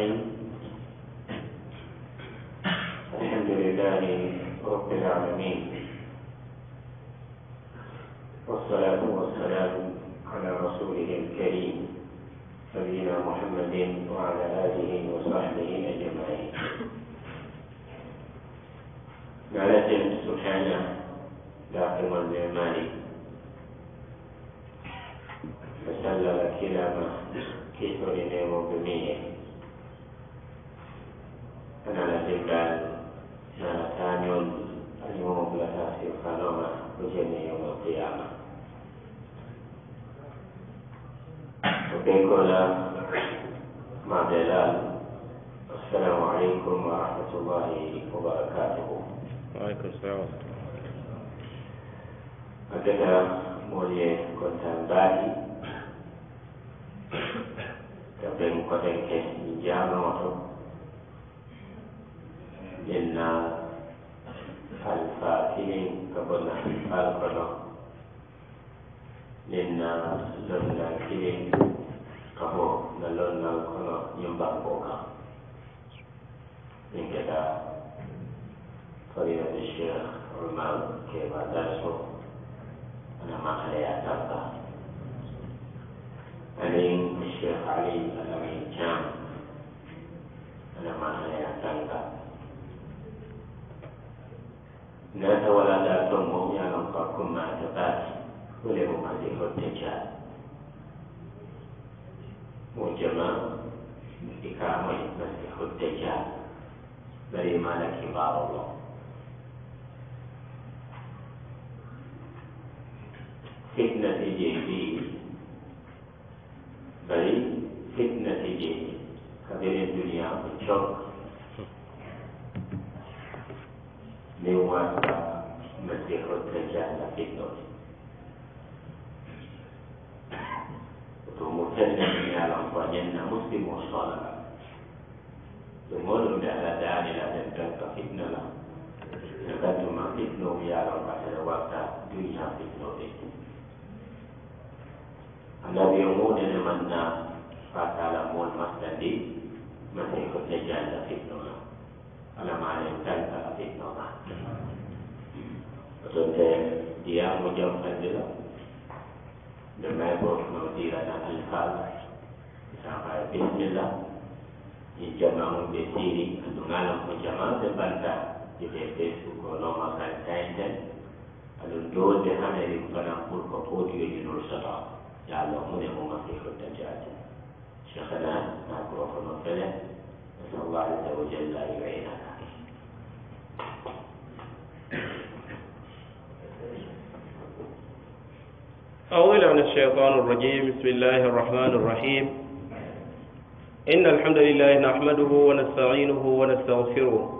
الرحيم الحمد لله رب العالمين والصلاة والسلام على رسوله الكريم نبينا محمد وعلى آله وصحبه أجمعين معناته سبحانه لا قيمة لأعماله فسلل كلامه كثر نعم بميه menandatangani secara ya, tanyul alimu mubilah hasil khanoma ujian yang mengkiyama Bukankola Mabdelal Assalamualaikum warahmatullahi wabarakatuh Waalaikumsalam Maka saya mulia kontan bagi Kepada kontan kes in now as uh, healing Kabona Alkono in uh, Lunda healing Kabo Nalon Alkono Yumba ka in Gada Korea the Sheikh Rumal Keva Daso and Amakaya Tata Aling Sheikh Ali Alamin Cham and Amakaya Tata لأن ولاداتهم وهم يلقاكم مع ثبات ولهم هذه الدجال وجماع إكرامه مسيح الدجال بري مال كبار الله فتنة جيبي بري فتنة جيبي كبير الدنيا بالشرق bisa hipnotis. الذي يمون لمن قاتل مول مسندي مسيح الدجال لفتنونا ألم على الإنسان لفتنونا Maksudnya dia menjauhkan diri dengan dia al-fal sampai bismillah dijamang di sini atau ngalam penjamaan di bantar di desa suku nomor الدول جهانا يمكن أقول كقول يجنور سطع يعلمون يوم مصيح الدجاج شيخنا نعبر فنفله نسأل الله عز وجل أن يعيننا أعوذ من الشيطان الرجيم بسم الله الرحمن الرحيم إن الحمد لله نحمده ونستعينه ونستغفره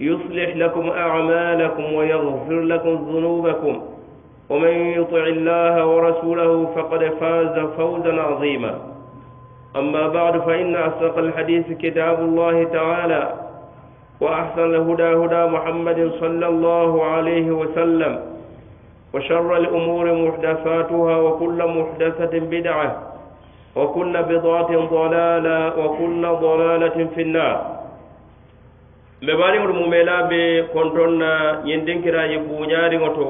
يصلح لكم أعمالكم ويغفر لكم ذنوبكم ومن يطع الله ورسوله فقد فاز فوزا عظيما أما بعد فإن أصدق الحديث كتاب الله تعالى وأحسن الهدى هدى محمد صلى الله عليه وسلم وشر الأمور محدثاتها وكل محدثة بدعة وكل بضعة ضلالة وكل ضلالة في النار mbebaaɗiŋolu mumela be kontoŋ na ñiŋ dinkira ye buuñaariŋo to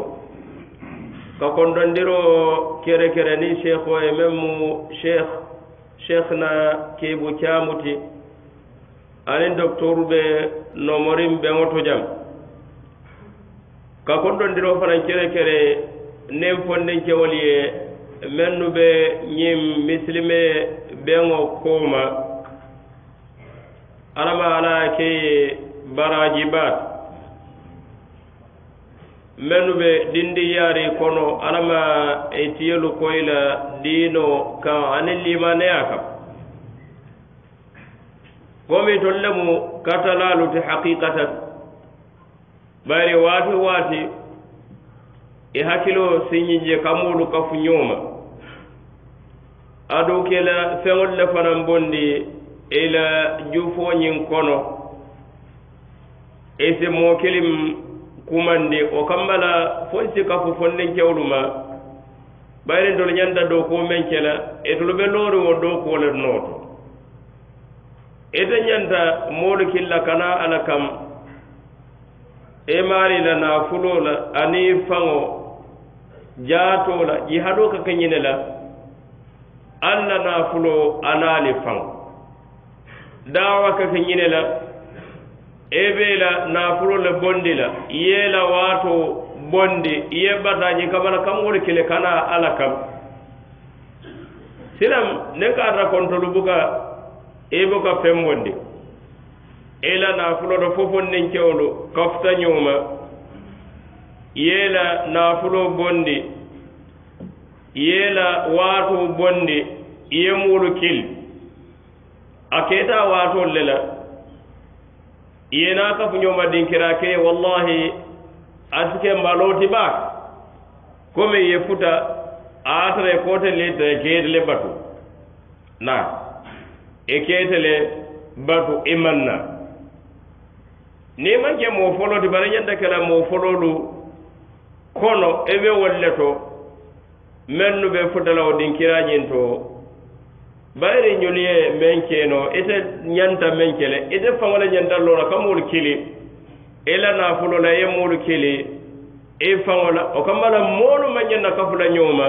ka kondondiroo kere kere niŋ sheekho ye meŋ mu sheekh sheekh na keebu caamu ti aniŋ doktoru be nomoriŋ beŋo to jam ka kondondiroo fanaŋ kere kere niŋ fondinkewolu ye mennu be ñiŋ misilime beŋo kooma alama ala ke ye barajibat mennu be yari kono alama etiyelu koyi dino ka kan ani limaneya kam komi tol lemu katalaalu ti haqiqatan bari waati waati i hakkilo siñinje kamuulu kafu ñooma adu ke la feŋol le fanaŋ bondi ila la kono ese mo kelim kumande o kambala fonsi kafu fonnen kewluma ɓayren tolo ñanda dow ko men kela e tolo ɓe lori wo dow kole nooto ete ñanta moolu killa kana ala kam e maarila na fulola ani faŋo jaatola ƴi haɗo ka keñine la allah na fulo anaali faŋo dawa ka keñine la ebeela naafuro le bondi la yeela waato bondi yebbataañi kamala kam wor kile kana ala kam silam nin ka ata kontolu buka i e buka fembondi ila naafulo to fofon nin kewolu kafta ñuuma yeela naafulo bondi yeela waato bondi yemwolu kil a keta waatol le la iyena kafuñoma dinkira ke wallahi asike mbaloti baak komi ye futa aatare kote letere keetele batu na e keetele batu i manna ni manke mo foloti bara ñanda kela mo fololu kono e be wolle to mennu be futalawo dinkiraañin to bayre ñolye men keno ite ñanta men kele ite faŋole ñandalloola kamoolu kili i la naafulo la ye moolu kili i faŋola o kamma la moolu ma ñanna kafula ñooma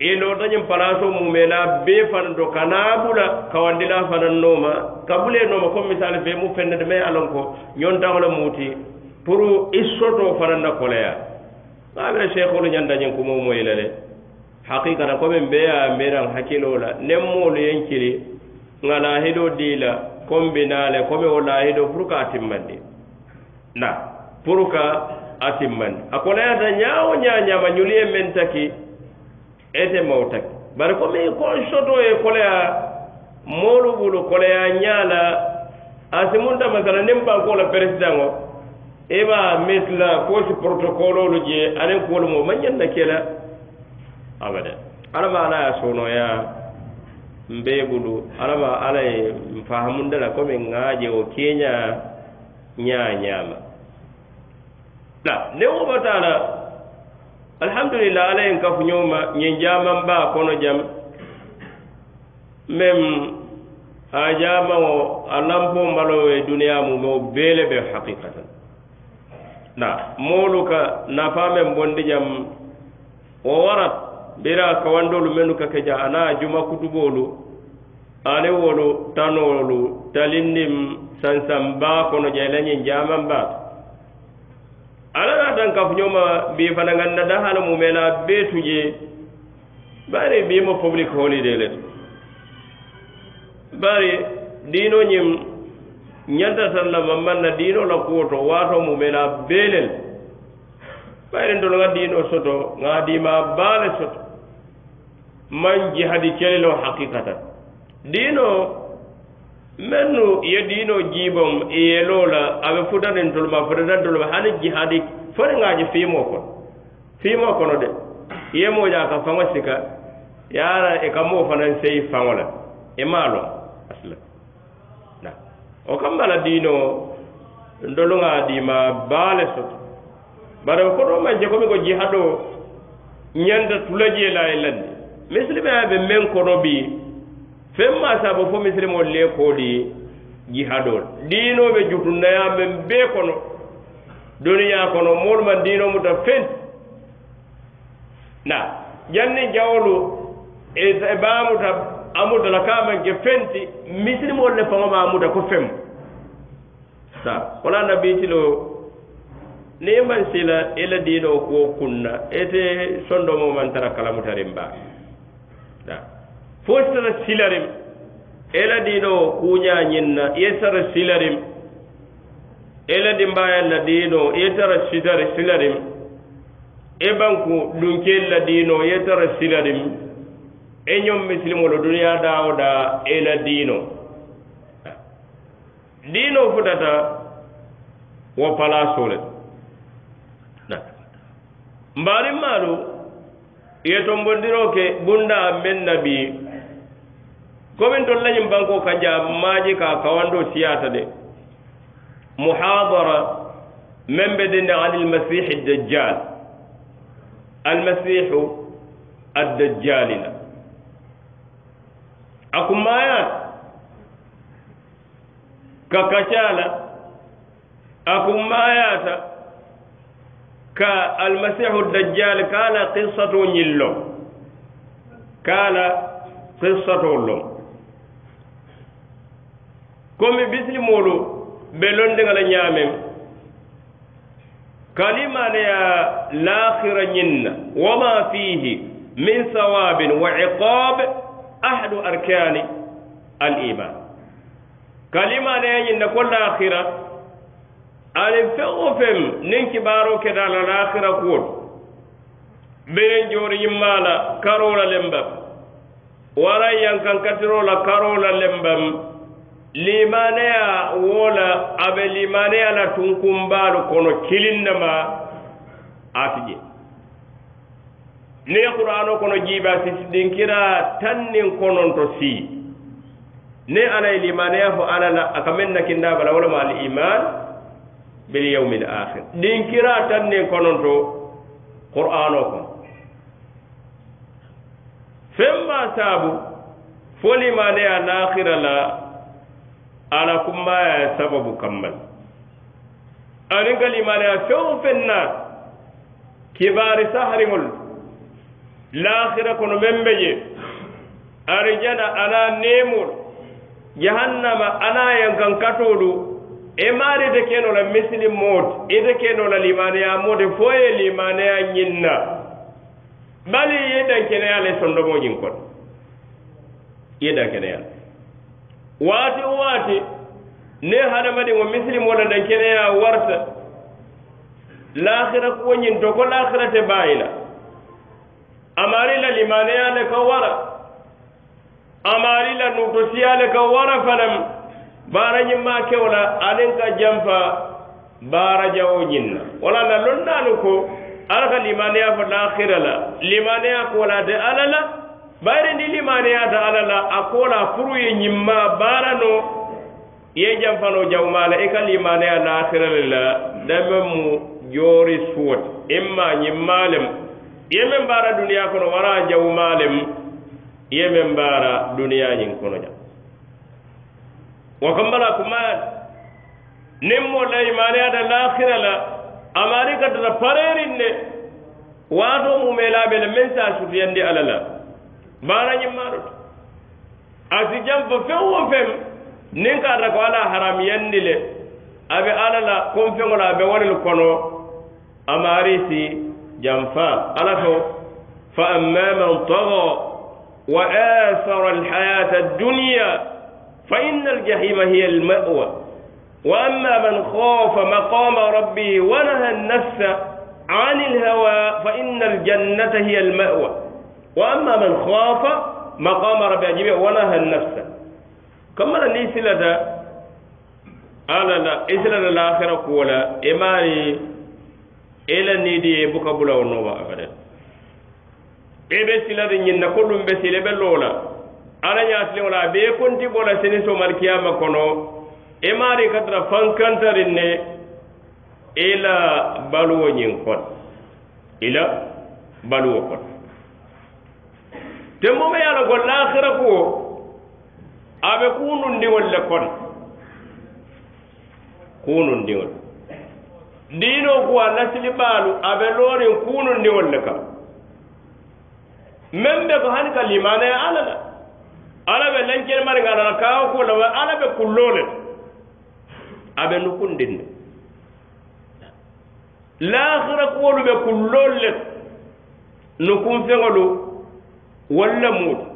i lootañiŋ palaso mumena bee fana do kanaa bula kawandila fana nooma kabule nooma comme misali fe mu fennete ma alan ko ñontaŋo la muuti pour i soto fana na koleya ŋa a be la sheekholu ñandañiŋ kumo moyi la le haqiqata ko ɓen beya mbeyran hakkilola nden molu yen kiri ga lahido diila kombinale komi o lahido pour qua atimmandi na pour qua atimmandi a konayata ñawo ñañama ñulien men taki ete maw taki bare komi consoto e koleya molu ɓulu koleya ñaala asimunta masala nden bankola président o ewa misla posi protocole olu je anen kuolumo ma ñanna kela abada alaba ala ya sonoya mbe bulu alaba ala ye fahamundala komi ŋaje wo keña ñañama la ne wobatala alhamdulillah ala yen kafuñoma ñin jaman ba kono jam mem a jamawo a lampo mbalowe duniya mume o bele be haqiqatan na moolu ka nafa men bondi jam o warat mbira a kawandolu mennu ka keja a naa juma kutuboolu ale wolu tanoolu talin nin sansan baa kono je la ñin jaman baa to ala naa tan kafuñoma bii fana ŋan na dahala mu mena bee tu je bari bii ma public holiday le to bari diino ñin ñanta tan la mamman na diino la kuwo to waato mu mena bee lel bari ndolu ŋa diino soto ŋa diima baa le soto man jihadi celelo haqiqatan dino mennu ye dino jibom yelo la aɓe fudanintoloma fudanantoloma hani jihadi foriŋaji fimo kono fimo kono de yemoja ka faŋo sika yara e kamo fanan sei faŋo la e ma lon asla na o kambala dino ndoluŋa dima baale soto bare koto man je komi ko jihado ñanda tulajiela e landi misilime a ɓe men kono bi fen ma sabo fo misilime olle kooɗi jihadol ɗiinoɓe jutunnaya men be kono duniya kono moɗuma ndino muta fen na janni jawolu e, e baamuta amuda la kamanke fenti misilimol le fawoma amuda ko fem sa wala nabiitilo ni man sila ila diino kuwo kunna ete sondomo man tara kalamutarin baa fotara silarim eladi ɗo kuñañinna yetara silarim eladi mbayalla ɗino yetara sitar silarim e banku ɗum kella ɗino yetara silarim e ñom misilimolo duniya dawoɗa ela ɗino ɗino fotata wo palasole mbarimmaɗu yeto bondiroke bunda men nabi komin tol lañin banko ka jaabu maaji ka kawando siyata de muhadara men be dende an almasihi dajjal almasihu addajjali la akumaya ka kacala akumayata ka almasihu dajjal kala qissatu ñillo kala qissatol lom komi bisi moolu be londi ŋa la ñaamen kalimaneya laakhira ñinna wa ma fihi min sawabin wa iqabe ahadu arkani al iman kalimaneya ñinna ko laakhira ani feŋ o feŋ niŋ kibaaroo keta la laakhira kuwolu beneŋ joori yimma la karoo la lembam waraŋ yankan katiroo la karoo la lembam limaneya wo la a be limaneya la tunkunbaalu kono kilinna ma ati je ni qur'ano kono jiiba sisidin kira tannin kononto si ni alaye limaneya fo ala la a ka men nakinna bala walama al iman bil yawmi l akhir din kira tannin kononto qur'ano kono femma saabu fo limaneya laakhira la ala kummaya sababu kammal anin gal imanaya few fenna kibari sahariŋol lahira kono membe je arijana ana nemol jahannama ana yankan katoɗu e mari de kenola misilim mot ide e kenola limanaya mode fo ye limanaya ñinna bali yidankeneyale sondomojin kon yidankeneyale waati wo waati ne hadamadiŋo wo misilimo ne ya warta lahira ko ñiŋ to ko lahira te amari la limane la limaneya le ka wara amaari la siya le ka wara fanaŋ baara ñiŋ maa wala la ka janfa baara jawo ñiŋ wala la lonna ko ala ka ya fa lahira la ya ko la de ala la baari ndi limaniyaata ala la a koola pour ye ñimma baara no ye janfano jawma la i e ka limaniya laatira le la dame mu joori suwoti imma ñimma lem ye men baara duniya kono wara jawma lem ye men baara duniya ñin kono ja wa kambala kumaat nin mo la imaniyaata laakira la amaari katata pareerin ne waato mumelaabe le men sa sutuyandi ala la baara ñimmaa ɗo to asi jam fo feŋ wo feŋ niŋ ka ata ko ala haramiyandi le a be ala la konfeŋo la a be wo le kono a maarisi janfa ala to fa amma man taga wa asara alhayata adduniya fa inna aljahima hiya almawa wa amma man khafa maqama rabbihi wa naha annafsa عن الهوى فإن الجنة هي المأوى واما من خاف مقام ربي جميع ونهى النفس كما ان يسل ذا على لا يسل الاخره كولا اماري الى نيدي بوكا بلا ونوبا ابدا ابيسل ذا نينا كلهم بسل بلولا على ياسل ولا بيكون تي بولا سينسو مالكيا مكونو اماري كترا فانكانترين الى بلو نينكون الى بلو نينكون temmoma yala go lakhira ko abe kunun ndi wolle kon kunun ndi wol dino ko nasli balu abe lori kunun ndi wolle kam membe ko hani kal limana ya e alala ala be lenken mari ngala ka ko la ala be kullole abe nukundin lakhira ko lu be kullole nukun fengolu walla muutu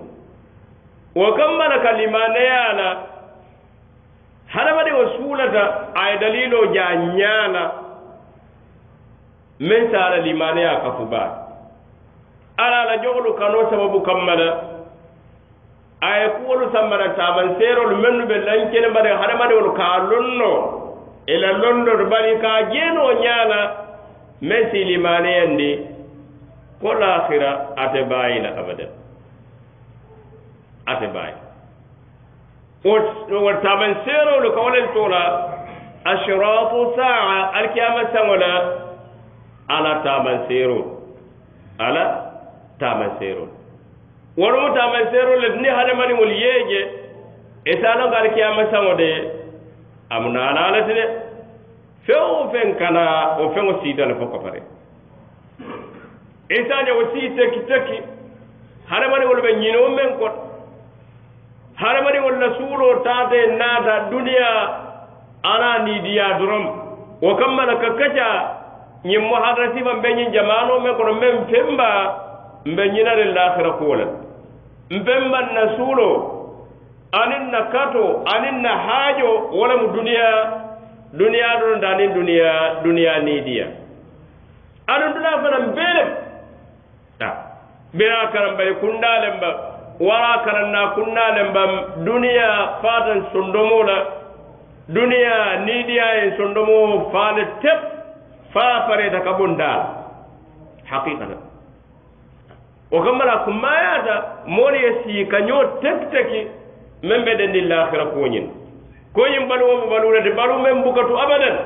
wo kammana ka limaneyaana hadamadi o suulata aye dalilo ja ñaana men saara limaneya kafu baa ala la joxolu kano sababu kammana aye kuwolu sammana taaman seerolu mennu be lankene mbade hadamadiwolu ka lonno ila londoto bari ka jeeno ñaana men si limaneyandi ko laahira ate baayila abadan wa baye wartaban seerolu ka wolen tola ashratu saa alkiyama saŋo la ala taban ser'o ala taban seerolu wolumu taban sero le ni hadamadiŋolu yee je ite ala ka alkiyama saŋo amuna amu naala ala ti de fen kana o kana si feŋo siita le fo kapare ite a je wo sii teki teki hadamadiŋolu be o men koto ta suuloo taate naata duniya ana niidiyaa dorom wo kammala ka kaca ñiŋ mo hadasifa mbe ñiŋ jamaanoo me kono meŋ femba yin ñinariŋ lahira kuwo le mpemban na suro ani na kato aniŋ na hajo wala mu duniya duniya don da aniŋ duniyaa duniyaa niidiya aduŋ dunaa fanaŋ bee lem bira karambayi ba wara karanna kunna bam duniya fatan sondomo la duniya ni niidiyayen sondomo faale teb faa fareta ka bon daala haqiqatan o kammala ko mayata ya e si ka kañoo tep teki meŋ be ko nyin ko koñin balu mo de balu meŋ bukatu abadan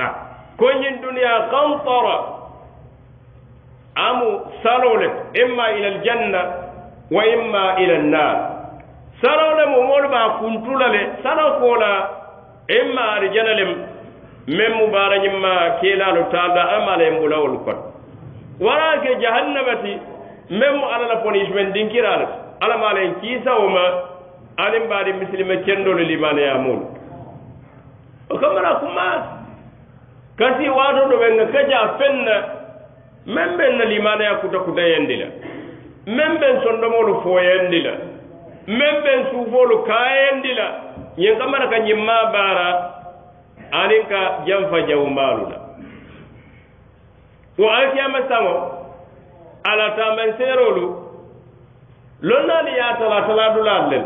ah, ko nyin duniya qantara amu salole imma ila aljanna wa imma ila nnar saraw le momolu ba kuntula le saraw kola imma arjana le meŋ mu baara ñimma keelaalu taalda ama la en bulawolu kono wara ke jahannama ti meŋ mu alla la punishment dinkiraa le alla maa la en kiisawo ma aniŋ baadi misilime kendolu limaneyamoolu o kamara kuma kasi wato do ɓe ŋa ka jaa feŋ na meŋ ɓen na limaneya kuta kutayendi la meŋ beŋ sondomolu fooyandi la meŋ beŋ suufoolu kaayandi la ñiŋ kamara ka ñiŋ maa baara aniŋ ka janfa jawumbaalu la wo alkiyama saŋo ala ta seeroolu loŋ naalu ye a tala tala talaa dulaalu le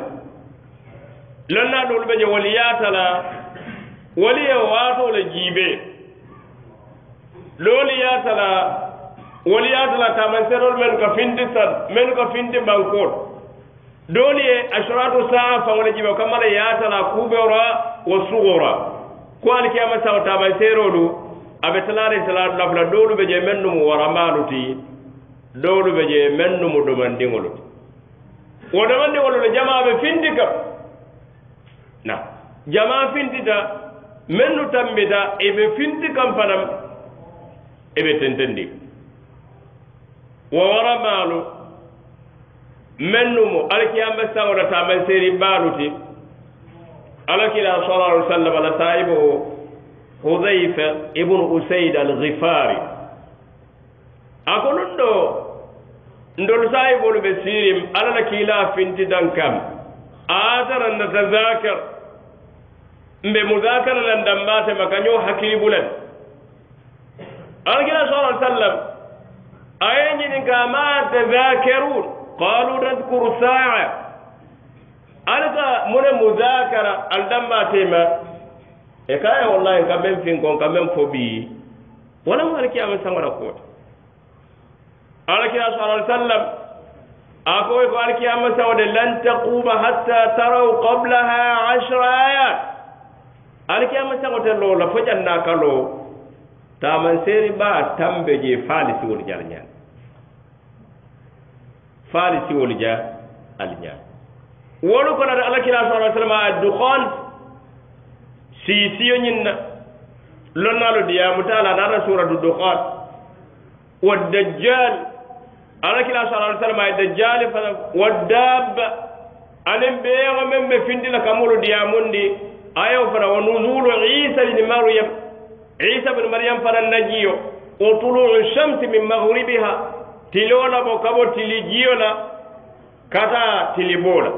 lonna naa be je wali ye a tala wali ye waatoo le jiibee loolu ye a tala woni yaatalata men serol men ko finde tan men ko finde mankoot dooni e asratu saha fawle jiɓe ka mala yaatala kuɓeora wo sugora ko alkiyama sago taman seero du aɓe talaari talaaɗu nafla ɗowɗuɓe je men numu waramaalu ti ɗowɗuɓe je men numu ɗumandiŋolu ti wo ɗumandiŋolu le jama ɓe findi kam na jama findita men nu tambita eɓe findi kam fanam eɓe tentendiŋ wo wara baalu mennu mu alkiyama saŋola taman seeri baalu ti ala kila sallallahu alaihi wasallam ala sahibo hudhaifa ibnu usaid al-ghifari ako nun ɗo ndol sahibolu ɓe siirim ala la kiila finti dan kam aatara natazakar mbe mudakara lan dambatema kaño hakkili bulen ala kila sallallahu alaihi wasallam ayin ni ga ma ta zakaru qalu nadkur sa'a alza mun muzakara al damma tema e kai wallahi ka ben fin kon ka ben fobi wala mun alki am san wala ko alki asalallahu sallam a ko e alki am san wala lan taquma hatta taraw qablaha 'ashra ayat alki am san wala lo la fojanna kalo seri ba tambe je jar je fali ñaani wol ja al ñaani wolu konata alla kila sa khol a si yinna ñin na diya mu taala naata suratu duhol wa dajjal alla kila sa sallam a dajjali fana wa alim be beeŋo meŋ be findi la diya mundi ayo fana wa nuzulu isa bini maryam عيسى بن مريم فرن نجيو وطلوع الشمس من مغربها تلولا بوكبو تلجيولا كتا تلبولا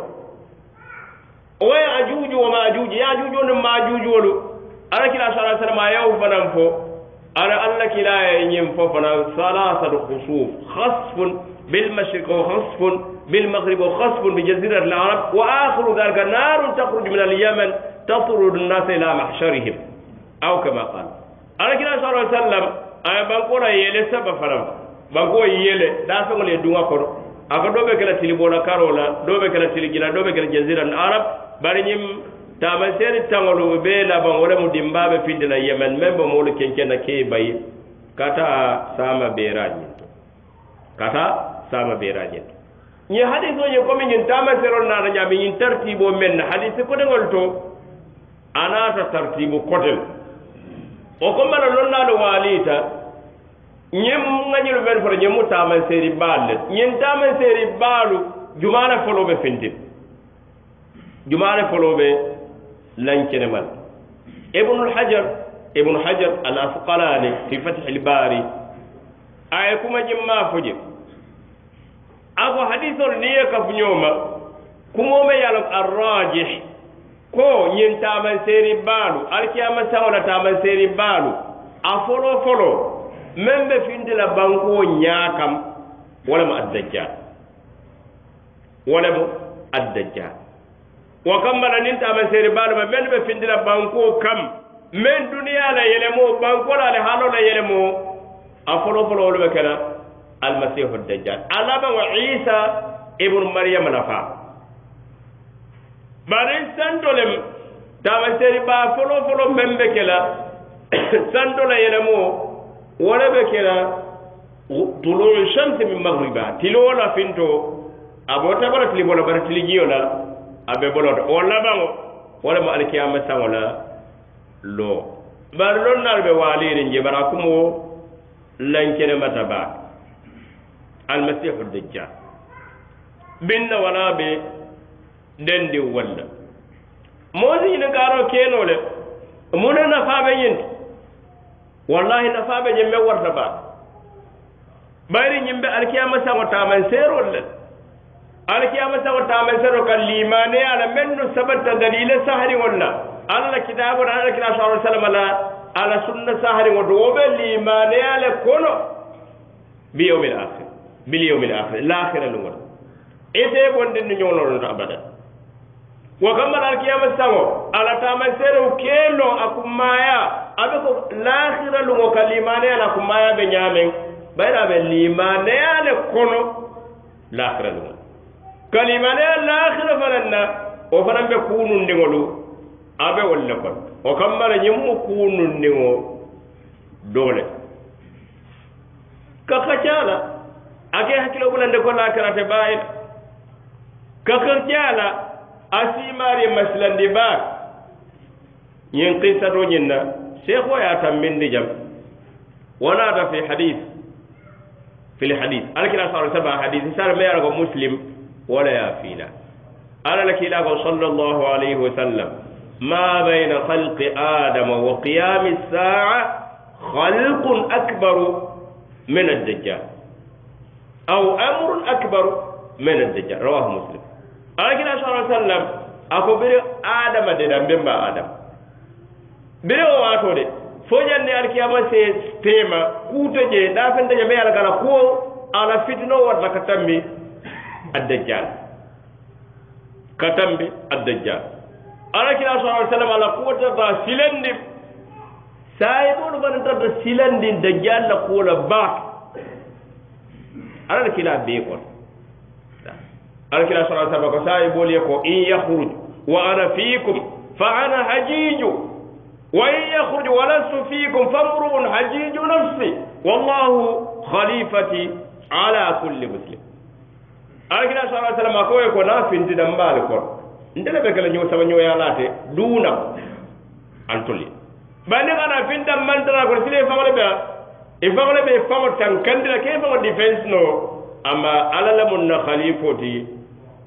ويعجوج وماجوج يعجوج وماجوج ولو أنا كلا شعر سلم يوم فننفو أنا ألا كلا ينفو فنن ثلاثة الخصوف خصف بالمشرق وخصف بالمغرب وخصف بجزيرة العرب وآخر ذلك نار تخرج من اليمن تطرد الناس إلى محشرهم أو كما قال alakira sallallahu sallam a ay banko na yele saba faram banko yele da sa ngol dunga ko aka do be kala tili bona karola do be kala tili gila do be kala jazira al arab bari nyim tamaseri tangolo be la ban wala mudimba be fidila yemen membo molo kenkena ke bayi kata sama beraji kata sama beraji ñiŋ hadisoo ñiŋ komi ñiŋ taamaseerolu naata ñaami ñiŋ tartibo meŋ na hadisi kodengolu to a naata tartiibu kote o ko mbala lonnaalu maaliita ñiŋ ŋañilu beni foto ñiŋ mu taamanseeri baalu le ñiŋ taamanseeri baalu jumaane foloo be fintim jumaane foloo be lankenema le ibnul hajar ibnu hajar al asqalaani fi fatihil baari a ye kuma jiŋ maafo je a ko hadisol niŋ ye kafuñoo ma kumoo ma ye a loŋ arrajih ko ñiŋ taamanseeri baalu alikiyama saŋo la seri balu a folo-folo, men be finde la banko nya kam wo lemu addajjal wo Wa kam wo kamma la niŋ seri balu ma men be finde la banko kam men duniya la mo banko la le haaloo la mo. a folo-folo folo wala be ke al almasihu addajja alaba wa isa ibnu maryam Nafa. bari santolem taamaseri ɓa folofolo men ɓe kela santola yenemo wole ɓe kela tuluu chamse min magriba tilowola finto abo tabala tili bola bara tili jiyola aɓe bolota o labango wolemo alkiyama sangola lo bari lon nal ɓe waliri je bara kumo lankene mata ba almasihu dejjal binna wala ɓe dendi walla moosi ina gaaro keenole muna nafaaɓe yinti wallahi nafaaɓe ñimɓe warta baa ɓayri ñimɓe alkiyama sago taman seerol le alkiyama sago taman seero kan limane ala men no sabatta dalila sahariŋol la alla kitabuɗa alla kitabu sa sallam la ala sunna sahariŋo to woɓe limaneya le kono bi yawmil akhir bil yawmil akhir l'akhira luŋol ite bonɗin no ñownoɗonto abadan wo gambata alkiyama sango ala tama seeɗeo kelon aku maya aɓe ko lahira lungo ka limaneyal aku maya ɓe ñamen ɓayra ɓe limaneyale kono lahira lungo ka limaneya lahira fanan na o fanan ɓe kunundingolu aɓe wolle kon o kambara ñimmu kunundingo dole ka kacala ake hakkilo ɓulande ko lahirate ɓayila ka kacala asimaari masilandi baak ñiŋ kisato ñiŋ na seekho ye a tambindi jam wanaata fi hadith fi lhadith alkila sa saba hadith sara me ye ko muslim wala ye a fiila ala la kiila ko sallallahu alayhi wa sallam ma bayna halqi adama wa qiyami saa halqun akbaru min addajjal aw amrun akbaru min addajjal rawahu muslim ala kila sallallahu alaihi wasallam ako bire adama de dambe ba adam bire o wato de fo ñande alkiyama se tema kuuto je ɗa fenta je ɓe ala kala ko ala fitino da ka tambi addajjal ka tambi addajjal ala kila sallallahu alaihi wasallam ala kuwotata silandi sayiɓoɗo banatata silandi dajjal la ba ala la kila bee kono alkira sallallahu alaihi wasallam ko sai boliye ko in yakhruj wa ana fiikum fa ana hajiju wa in yakhruj wa lastu fiikum fa famru'un hajiju nafsi wallahu khalifati ala kulli muslim alkira sallallahu alaihi wasallam ko ko na finti dan bal ko ndele be kala nyo sama nyo ya late duna antuli bani kana man tara ko sile famale be e famale be famo tan kandira ke famo defense no amma alala mun na khalifoti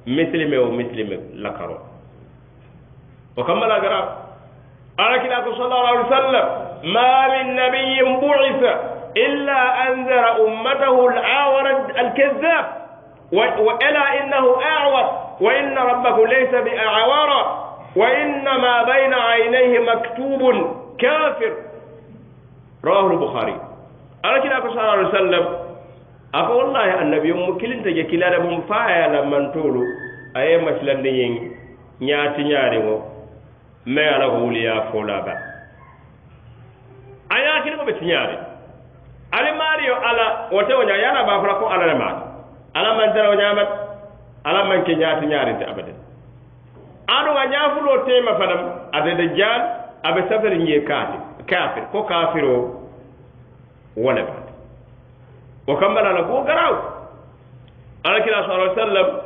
misilime wo misilime lakaro o kamma la gara ala kila ko sallallahu alaihi wasallam ma min nabiyyin bu'itha illa anzara ummatahu al-awara al-kazzab wa ala innahu a'war wa inna rabbakum laysa bi'awara wa inna ma bayna 'aynayhi maktubun kafir rawahu al-bukhari ala kila ko sallallahu alaihi wasallam a ko wallahi annabi mu kilinta je kilala mum faayala mantolu aye masilande yeŋ ñaati ñaariŋo ma ala ko wuliya folaba a ye ko be ti ñaari ali maario ala wo tewo ña ye ala ko ala ma ala man tarawo ñaamat ala man ke ñaati ñaarinta abadan anu a ñaafuloo teema fanaŋ ate de jaan a be safari ñee kaati kafir ko kafiro wo وكمل على قوة قراو قال كلا صلى الله عليه وسلم